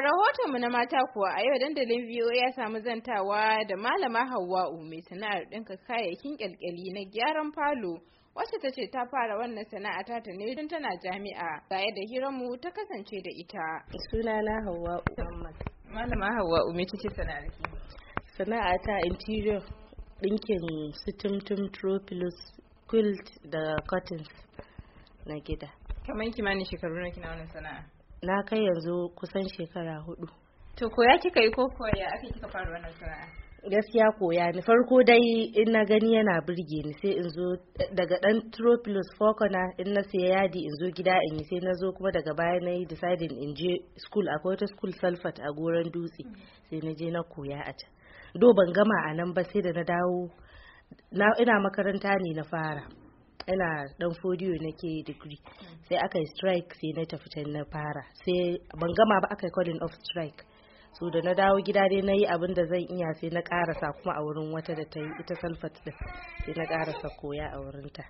A rahotonmu na mata kuwa a yau dandalin VOA ya samu zantawa da malama Hauwa'u mai sana'ar ɗinka kayayyakin kyalkyali na gyaran falo wacce ta ce ta fara wannan sana'a ta ta ne don tana jami'a ga yadda hiranmu ta kasance da ita. na Hauwa'u Muhammad. Malama Hauwa'u me kike sana'ar ki? Sana'a ta interior ɗinkin sitimtum tropilus quilt da curtains na gida. Kamar kimanin shekaru na kina wannan sana'a? na kai yanzu kusan shekara hudu to koya kika yi ko koya aka kika fara wannan sana'a gaskiya koya ni farko dai in na gani yana birge ni sai in zo daga dan tropilus fokona in na siya yadi in zo gida in yi sai na zo kuma daga baya na yi deciding in je school akwai wata school salfat a goron dutse mm. sai na je na koya a can do ban gama a nan ba sai da na dawo ina makaranta ne na fara ina dan fodiyo nake degree sai aka yi strike sai na tafi can na fara sai ban gama ba aka yi calling of strike so da na dawo gida dai na yi abin da zan iya sai na karasa kuma a wurin wata da ta yi ita salfat din sai na karasa koya a wurinta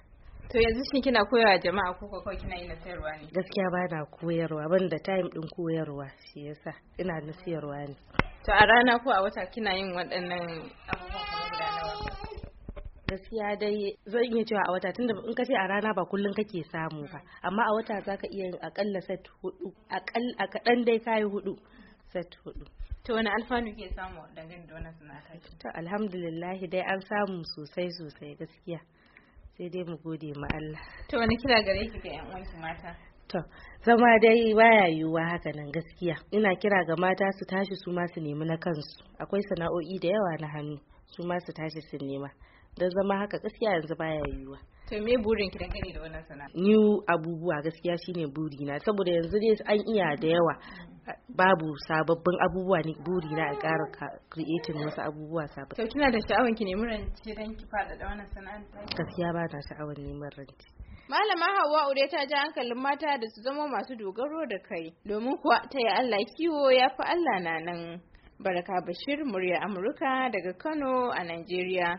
to yanzu shi kina koyawa jama'a ko kawai kina yi na sayarwa ne gaskiya ba na koyarwa ban da time din koyarwa shi yasa ina na sayarwa ne to a rana ko a wata kina yin waɗannan abubuwa gaskiya dai zan iya cewa a wata tunda in ka ce a rana ba kullum kake samu ba amma a wata zaka iya yin akalla set hudu a kaɗan dai kayi hudu set hudu to wani alfanu ke samu dangane da wannan sana'a to alhamdulillah dai an samu sosai sosai gaskiya sai dai mu gode ma Allah to wani kira gare ki ga yan uwanki mata To, zama dai baya yiwuwa haka nan gaskiya. Ina kira ga mata su tashi su ma su nemi na kansu. Akwai sana'o'i da yawa na hannu, su ma su tashi su nema. da zama haka gaskiya yanzu baya yiwuwa to me burin ki dangane da wannan sana'a new abubuwa gaskiya shine burina saboda yanzu dai an iya da yawa babu sababbin abubuwa ne buri na a ƙara creating wasu abubuwa sababbi. to kina da sha'awar ki nemi rance don ki faɗaɗa wannan sana'a. Gaskiya ba ta sha'awar neman rance. Malama Hauwa Ure ta ji hankalin mata da su zama masu dogaro da kai domin kuwa ta yi Allah kiwo ya fi Allah na nan. Baraka Bashir, murya Amurka daga Kano a Najeriya.